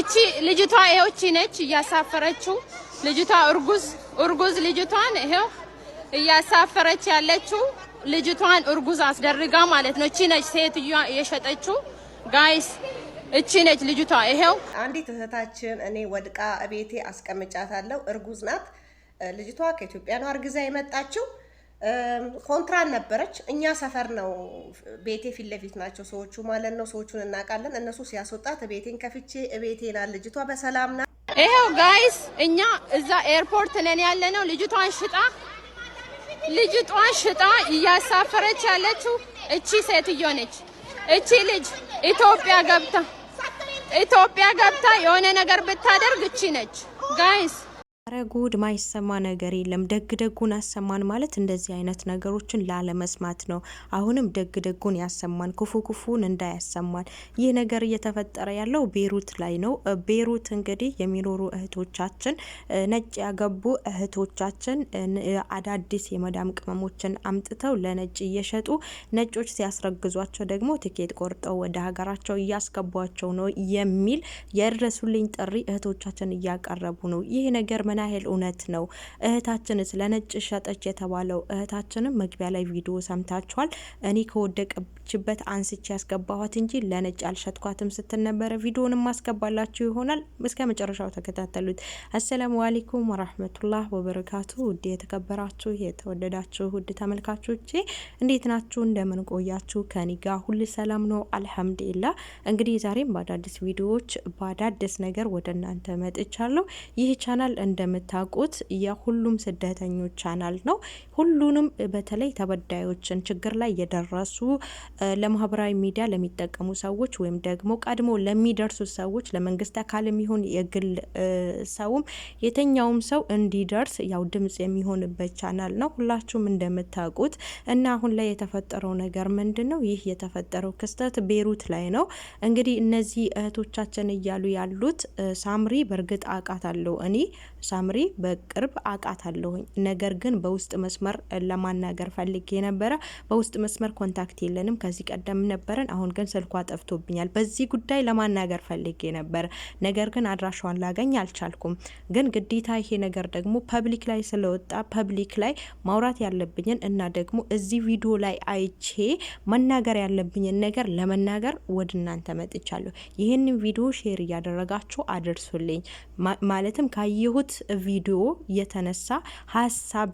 እቺ ልጅቷ ይሄው እቺ ነች እያሳፈረችው ልጅቷ እርጉዝ እርጉዝ ልጅቷን ይሄው እያሳፈረች ያለችው ልጅቷን እርጉዝ አስደርጋ ማለት ነው። እቺ ነች ሴትዮዋ የሸጠችው ጋይስ እቺ ነች ልጅቷ ይሄው። አንዲት እህታችን እኔ ወድቃ እቤቴ አስቀምጫታለሁ። እርጉዝ ናት ልጅቷ። ከኢትዮጵያ ነው አርግዛ የመጣችው። ኮንትራን ነበረች። እኛ ሰፈር ነው ቤቴ ፊት ለፊት ናቸው ሰዎቹ ማለት ነው። ሰዎቹን እናውቃለን። እነሱ ሲያስወጣት ቤቴን ከፍቼ ቤቴ ና ልጅቷ በሰላም ና ይሄው ጋይስ፣ እኛ እዛ ኤርፖርት ነን ያለ ነው። ልጅቷን ሽጣ ልጅቷን ሽጣ እያሳፈረች ያለችው እቺ ሴትዮ ነች። እቺ ልጅ ኢትዮጵያ ገብታ ኢትዮጵያ ገብታ የሆነ ነገር ብታደርግ እቺ ነች ጋይስ አረ ጉድ ማይሰማ ነገር የለም። ደግ ደጉን አሰማን ማለት እንደዚህ አይነት ነገሮችን ላለመስማት ነው። አሁንም ደግ ደጉን ያሰማን፣ ክፉ ክፉን እንዳያሰማን። ይህ ነገር እየተፈጠረ ያለው ቤሩት ላይ ነው። ቤሩት እንግዲህ የሚኖሩ እህቶቻችን፣ ነጭ ያገቡ እህቶቻችን አዳዲስ የመዳም ቅመሞችን አምጥተው ለነጭ እየሸጡ ነጮች ሲያስረግዟቸው ደግሞ ትኬት ቆርጠው ወደ ሀገራቸው እያስገቧቸው ነው የሚል የድረሱልኝ ጥሪ እህቶቻችን እያቀረቡ ነው። ይህ ነገር ምን ያህል እውነት ነው? እህታችንስ ለነጭ ሸጠች የተባለው እህታችንም መግቢያ ላይ ቪዲዮ ሰምታችኋል። እኔ ከወደቀችበት አንስቼ ያስገባኋት እንጂ ለነጭ አልሸጥኳትም ስትል ነበረ። ቪዲዮን ማስገባላችሁ ይሆናል። እስከ መጨረሻው ተከታተሉት። አሰላሙ አሌይኩም ወራህመቱላህ ወበረካቱ። ውድ የተከበራችሁ የተወደዳችሁ ውድ ተመልካቾቼ እንዴት ናችሁ? እንደምን ቆያችሁ? ጋ ሁል ሰላም ነው አልሐምዱሊላ። እንግዲህ ዛሬም በአዳዲስ ቪዲዮዎች በአዳዲስ ነገር ወደ እናንተ መጥቻለሁ። ይህ ቻናል እንደ እንደምታውቁት የሁሉም ስደተኞች ቻናል ነው። ሁሉንም በተለይ ተበዳዮችን ችግር ላይ የደረሱ ለማህበራዊ ሚዲያ ለሚጠቀሙ ሰዎች ወይም ደግሞ ቀድሞ ለሚደርሱ ሰዎች ለመንግስት አካል የሚሆን የግል ሰውም የተኛውም ሰው እንዲደርስ ያው ድምጽ የሚሆንበት ቻናል ነው። ሁላችሁም እንደምታውቁት እና አሁን ላይ የተፈጠረው ነገር ምንድን ነው? ይህ የተፈጠረው ክስተት ቤሩት ላይ ነው። እንግዲህ እነዚህ እህቶቻችን እያሉ ያሉት ሳምሪ በእርግጥ አውቃታለሁ እኔ ሳምሪ በቅርብ አለሁኝ ነገር ግን በውስጥ መስመር ለማናገር ፈልጌ ነበረ። በውስጥ መስመር ኮንታክት የለንም ከዚህ ቀደም ነበረን፣ አሁን ግን ስልኳ ጠፍቶብኛል። በዚህ ጉዳይ ለማናገር ፈልጌ ነበረ፣ ነገር ግን አድራሿን ላገኝ አልቻልኩም። ግን ግዴታ ይሄ ነገር ደግሞ ፐብሊክ ላይ ስለወጣ ፐብሊክ ላይ ማውራት ያለብኝን እና ደግሞ እዚህ ቪዲዮ ላይ አይቼ መናገር ያለብኝን ነገር ለመናገር ወደ እናንተ መጥቻለሁ። ይህንን ቪዲዮ ሼር እያደረጋችሁ አድርሱልኝ። ማለትም ካየሁት ቪዲዮ የተነሳ ሀሳብ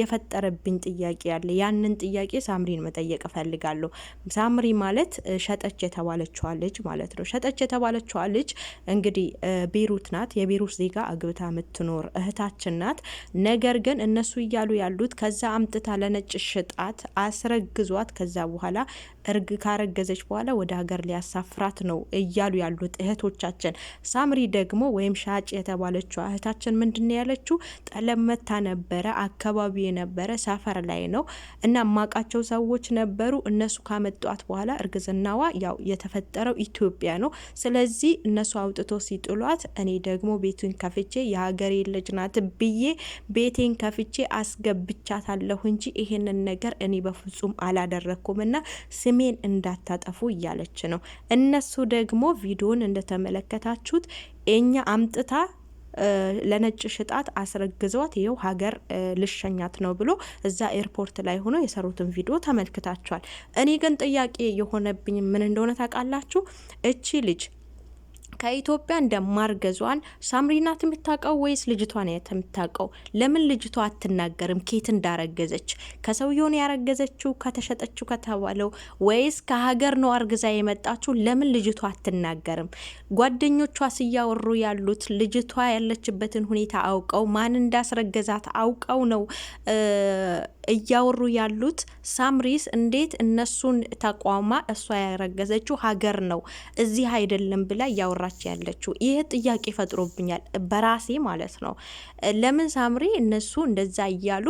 የፈጠረብኝ ጥያቄ አለ። ያንን ጥያቄ ሳምሪን መጠየቅ እፈልጋለሁ። ሳምሪ ማለት ሸጠች የተባለችዋ ልጅ ማለት ነው። ሸጠች የተባለችዋ ልጅ እንግዲህ ቤሩት ናት። የቤሩት ዜጋ አግብታ የምትኖር እህታችን ናት። ነገር ግን እነሱ እያሉ ያሉት ከዛ አምጥታ ለነጭ ሽጣት አስረግዟት ከዛ በኋላ እርግ ካረገዘች በኋላ ወደ ሀገር ሊያሳፍራት ነው እያሉ ያሉት እህቶቻችን። ሳምሪ ደግሞ ወይም ሻጭ የተባለችዋ እህታችን ምንድን ያለችው ጠለመታ መታ ነበረ፣ አካባቢ የነበረ ሰፈር ላይ ነው እና ማቃቸው ሰዎች ነበሩ። እነሱ ካመጧት በኋላ እርግዝናዋ ያው የተፈጠረው ኢትዮጵያ ነው። ስለዚህ እነሱ አውጥቶ ሲጥሏት እኔ ደግሞ ቤቱን ከፍቼ የሀገሬ ልጅ ናት ብዬ ቤቴን ከፍቼ አስገብቻታለሁ እንጂ ይሄንን ነገር እኔ በፍጹም አላደረግኩም እና ስሜን እንዳታጠፉ እያለች ነው። እነሱ ደግሞ ቪዲዮን እንደተመለከታችሁት እኛ አምጥታ ለነጭ ሽጣት አስረግዘዋት ይኸው ሀገር ልሸኛት ነው ብሎ እዛ ኤርፖርት ላይ ሆኖ የሰሩትን ቪዲዮ ተመልክታቸዋል። እኔ ግን ጥያቄ የሆነብኝ ምን እንደሆነ ታውቃላችሁ? እቺ ልጅ ከኢትዮጵያ እንደማርገዟን ሳምሪናት የምታውቀው ወይስ ልጅቷ ናት የምታውቀው? ለምን ልጅቷ አትናገርም? ኬት እንዳረገዘች ከሰውየውን ያረገዘችው ከተሸጠችው ከተባለው ወይስ ከሀገር ነው አርግዛ የመጣችው? ለምን ልጅቷ አትናገርም? ጓደኞቿ ስያወሩ ያሉት ልጅቷ ያለችበትን ሁኔታ አውቀው ማን እንዳስረገዛት አውቀው ነው እያወሩ ያሉት ሳምሪስ እንዴት እነሱን ተቋማ እሷ ያረገዘችው ሀገር ነው እዚህ አይደለም ብላ እያወራች ያለችው ይህ ጥያቄ ፈጥሮብኛል፣ በራሴ ማለት ነው። ለምን ሳምሪ እነሱ እንደዛ እያሉ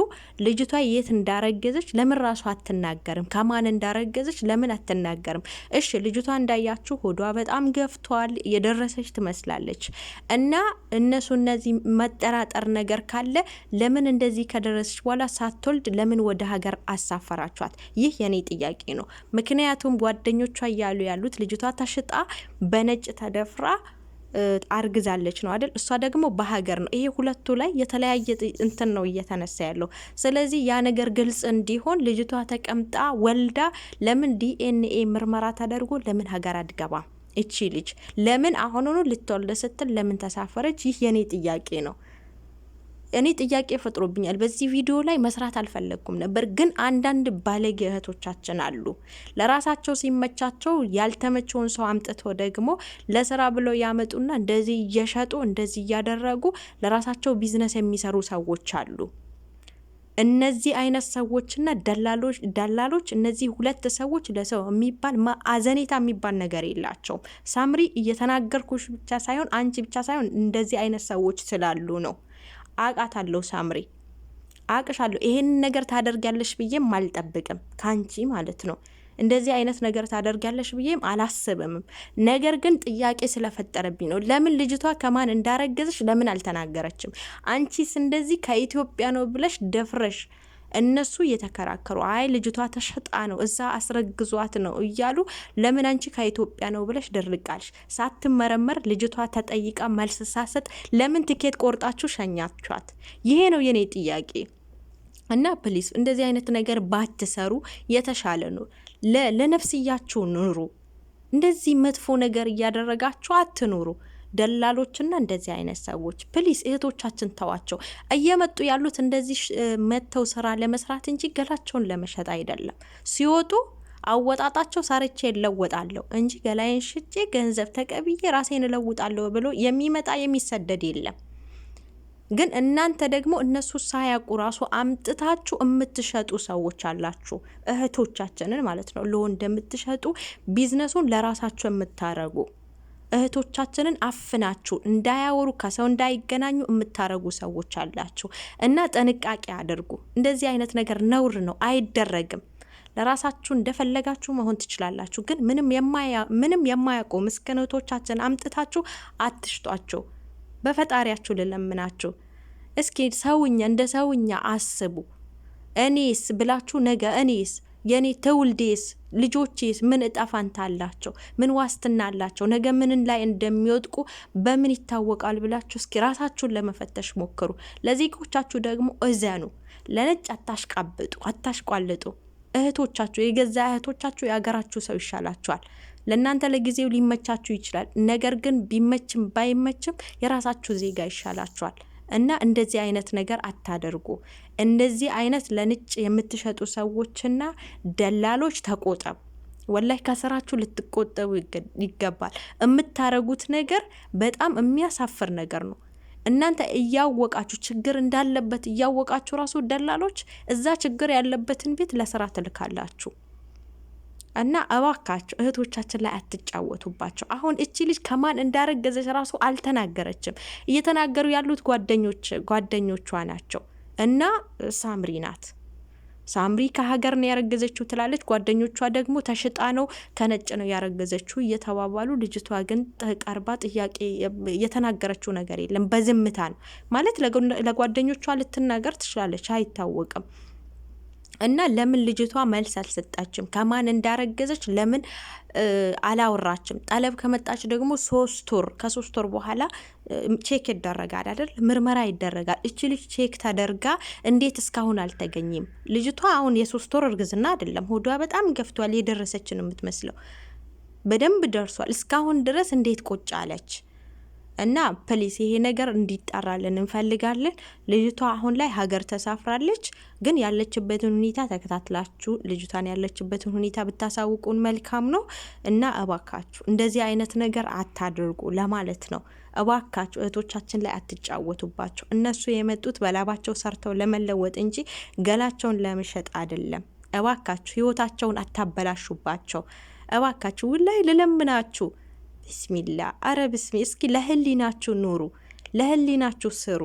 ልጅቷ የት እንዳረገዘች ለምን ራሷ አትናገርም? ከማን እንዳረገዘች ለምን አትናገርም? እሺ ልጅቷ እንዳያችሁ ሆዷ በጣም ገፍቷል፣ የደረሰች ትመስላለች። እና እነሱ እነዚህ መጠራጠር ነገር ካለ ለምን እንደዚህ ከደረሰች በኋላ ሳትወልድ ለምን ወደ ሀገር አሳፈራችኋት? ይህ የኔ ጥያቄ ነው። ምክንያቱም ጓደኞቿ እያሉ ያሉት ልጅቷ ተሽጣ በነጭ ተደፍራ አርግዛለች ነው አይደል? እሷ ደግሞ በሀገር ነው። ይሄ ሁለቱ ላይ የተለያየ እንትን ነው እየተነሳ ያለው። ስለዚህ ያ ነገር ግልጽ እንዲሆን ልጅቷ ተቀምጣ ወልዳ ለምን ዲኤንኤ ምርመራ ተደርጎ ለምን ሀገር አትገባም? እቺ ልጅ ለምን አሁኑኑ ልትወልድ ስትል ለምን ተሳፈረች? ይህ የኔ ጥያቄ ነው። እኔ ጥያቄ ፈጥሮብኛል። በዚህ ቪዲዮ ላይ መስራት አልፈለግኩም ነበር፣ ግን አንዳንድ ባለጌ እህቶቻችን አሉ። ለራሳቸው ሲመቻቸው ያልተመቸውን ሰው አምጥቶ ደግሞ ለስራ ብለው ያመጡና እንደዚህ እየሸጡ እንደዚህ እያደረጉ ለራሳቸው ቢዝነስ የሚሰሩ ሰዎች አሉ። እነዚህ አይነት ሰዎችና ደላሎች ደላሎች እነዚህ ሁለት ሰዎች ለሰው የሚባል አዘኔታ የሚባል ነገር የላቸውም። ሳምሪ እየተናገርኩሽ ብቻ ሳይሆን አንቺ ብቻ ሳይሆን እንደዚህ አይነት ሰዎች ስላሉ ነው። አቃት አለው ሳምሪ አቅሻለሁ ይሄን ነገር ታደርጋለሽ ብዬም አልጠብቅም ከአንቺ ማለት ነው። እንደዚህ አይነት ነገር ታደርጋለሽ ብዬም አላስብምም። ነገር ግን ጥያቄ ስለፈጠረብኝ ነው። ለምን ልጅቷ ከማን እንዳረገዘች ለምን አልተናገረችም? አንቺስ እንደዚህ ከኢትዮጵያ ነው ብለሽ ደፍረሽ እነሱ እየተከራከሩ አይ ልጅቷ ተሸጣ ነው እዛ አስረግዟት ነው እያሉ ለምን አንቺ ከኢትዮጵያ ነው ብለሽ ድርቃልሽ ሳትመረመር ልጅቷ ተጠይቃ መልስ ሳሰጥ ለምን ትኬት ቆርጣችሁ ሸኛችኋት? ይሄ ነው የኔ ጥያቄ። እና ፕሊስ እንደዚህ አይነት ነገር ባትሰሩ የተሻለ ነው። ለነፍስያችሁ ኑሩ። እንደዚህ መጥፎ ነገር እያደረጋችሁ አትኑሩ። ደላሎችና እንደዚህ አይነት ሰዎች ፕሊስ እህቶቻችን ተዋቸው። እየመጡ ያሉት እንደዚህ መጥተው ስራ ለመስራት እንጂ ገላቸውን ለመሸጥ አይደለም። ሲወጡ አወጣጣቸው ሰርቼ እለወጣለሁ እንጂ ገላዬን ሽጬ ገንዘብ ተቀብዬ ራሴን እለውጣለሁ ብሎ የሚመጣ የሚሰደድ የለም። ግን እናንተ ደግሞ እነሱ ሳያውቁ ራሱ አምጥታችሁ የምትሸጡ ሰዎች አላችሁ። እህቶቻችንን ማለት ነው ለወንድ የምትሸጡ ቢዝነሱን ለራሳችሁ የምታረጉ እህቶቻችንን አፍናችሁ እንዳያወሩ ከሰው እንዳይገናኙ የምታረጉ ሰዎች አላችሁ እና ጥንቃቄ አድርጉ። እንደዚህ አይነት ነገር ነውር ነው፣ አይደረግም። ለራሳችሁ እንደፈለጋችሁ መሆን ትችላላችሁ፣ ግን ምንም የማያውቁ ምስኪን እህቶቻችን አምጥታችሁ አትሽጧቸው። በፈጣሪያችሁ ልለምናችሁ፣ እስኪ ሰውኛ እንደ ሰውኛ አስቡ። እኔስ ብላችሁ ነገ እኔስ የኔ ትውልዴስ ልጆቼስ ምን እጣ ፋንታ አላቸው? ምን ዋስትና አላቸው? ነገ ምንን ላይ እንደሚወጥቁ በምን ይታወቃል ብላችሁ እስኪ ራሳችሁን ለመፈተሽ ሞክሩ። ለዜጎቻችሁ ደግሞ እዘኑ። ለነጭ አታሽቃብጡ፣ አታሽቋልጡ። እህቶቻችሁ፣ የገዛ እህቶቻችሁ የአገራችሁ ሰው ይሻላችኋል። ለእናንተ ለጊዜው ሊመቻችሁ ይችላል። ነገር ግን ቢመችም ባይመችም የራሳችሁ ዜጋ ይሻላችኋል። እና እንደዚህ አይነት ነገር አታደርጉ። እንደዚህ አይነት ለንጭ የምትሸጡ ሰዎችና ደላሎች ተቆጠቡ። ወላይ ከስራችሁ ልትቆጠቡ ይገባል። የምታረጉት ነገር በጣም የሚያሳፍር ነገር ነው። እናንተ እያወቃችሁ ችግር እንዳለበት እያወቃችሁ ራሱ ደላሎች እዛ ችግር ያለበትን ቤት ለስራ ትልካላችሁ። እና እባካቸው እህቶቻችን ላይ አትጫወቱባቸው። አሁን እቺ ልጅ ከማን እንዳረገዘች ራሱ አልተናገረችም። እየተናገሩ ያሉት ጓደኞች ጓደኞቿ ናቸው እና ሳምሪ ናት። ሳምሪ ከሀገር ነው ያረገዘችው ትላለች። ጓደኞቿ ደግሞ ተሽጣ ነው ከነጭ ነው ያረገዘችው እየተባባሉ፣ ልጅቷ ግን ቀርባ ጥያቄ የተናገረችው ነገር የለም። በዝምታ ነው ማለት ለጓደኞቿ ልትናገር ትችላለች፣ አይታወቅም። እና ለምን ልጅቷ መልስ አልሰጣችም? ከማን እንዳረገዘች ለምን አላወራችም? ጠለብ ከመጣች ደግሞ ሶስት ወር ከሶስት ወር በኋላ ቼክ ይደረጋል አይደል? ምርመራ ይደረጋል። እች ልጅ ቼክ ተደርጋ እንዴት እስካሁን አልተገኘም? ልጅቷ አሁን የሶስት ወር እርግዝና አይደለም። ሆዷ በጣም ገፍቷል። የደረሰች ነው የምትመስለው። በደንብ ደርሷል። እስካሁን ድረስ እንዴት ቁጭ አለች? እና ፕሊስ ይሄ ነገር እንዲጣራልን እንፈልጋለን። ልጅቷ አሁን ላይ ሀገር ተሳፍራለች፣ ግን ያለችበትን ሁኔታ ተከታትላችሁ ልጅቷን ያለችበትን ሁኔታ ብታሳውቁን መልካም ነው እና እባካችሁ እንደዚህ አይነት ነገር አታድርጉ ለማለት ነው። እባካችሁ እህቶቻችን ላይ አትጫወቱባቸው። እነሱ የመጡት በላባቸው ሰርተው ለመለወጥ እንጂ ገላቸውን ለመሸጥ አይደለም። እባካችሁ ህይወታቸውን አታበላሹባቸው። እባካችሁ ውላይ ልለምናችሁ ቢስሚላ አረ ብስሚ። እስኪ ለህሊናችሁ ኑሩ፣ ለህሊናችሁ ስሩ።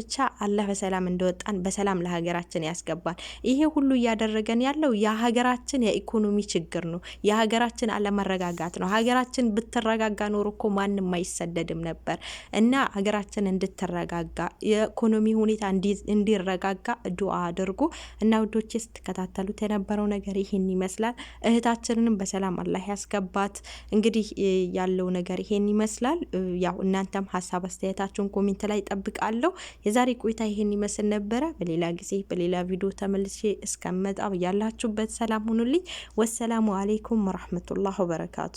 ብቻ አላህ በሰላም እንደወጣን በሰላም ለሀገራችን ያስገባል። ይሄ ሁሉ እያደረገን ያለው የሀገራችን የኢኮኖሚ ችግር ነው፣ የሀገራችን አለመረጋጋት ነው። ሀገራችን ብትረጋጋ ኖሮ እኮ ማንም አይሰደድም ነበር እና ሀገራችን እንድትረጋጋ የኢኮኖሚ ሁኔታ እንዲረጋጋ ዱአ አድርጉ እና ውዶቼ ስትከታተሉት የነበረው ነገር ይህን ይመስላል። እህታችንንም በሰላም አላህ ያስገባት። እንግዲህ ያለው ነገር ይሄን ይመስላል። ያው እናንተም ሀሳብ አስተያየታችሁን ኮሜንት ላይ ጠብቃለሁ። የዛሬ ቆይታ ይሄን ይመስል ነበረ። በሌላ ጊዜ በሌላ ቪዲዮ ተመልሼ እስከመጣ ያላችሁበት ሰላም ሁኑልኝ። ወሰላሙ አሌይኩም ወረህመቱላህ ወበረካቱ።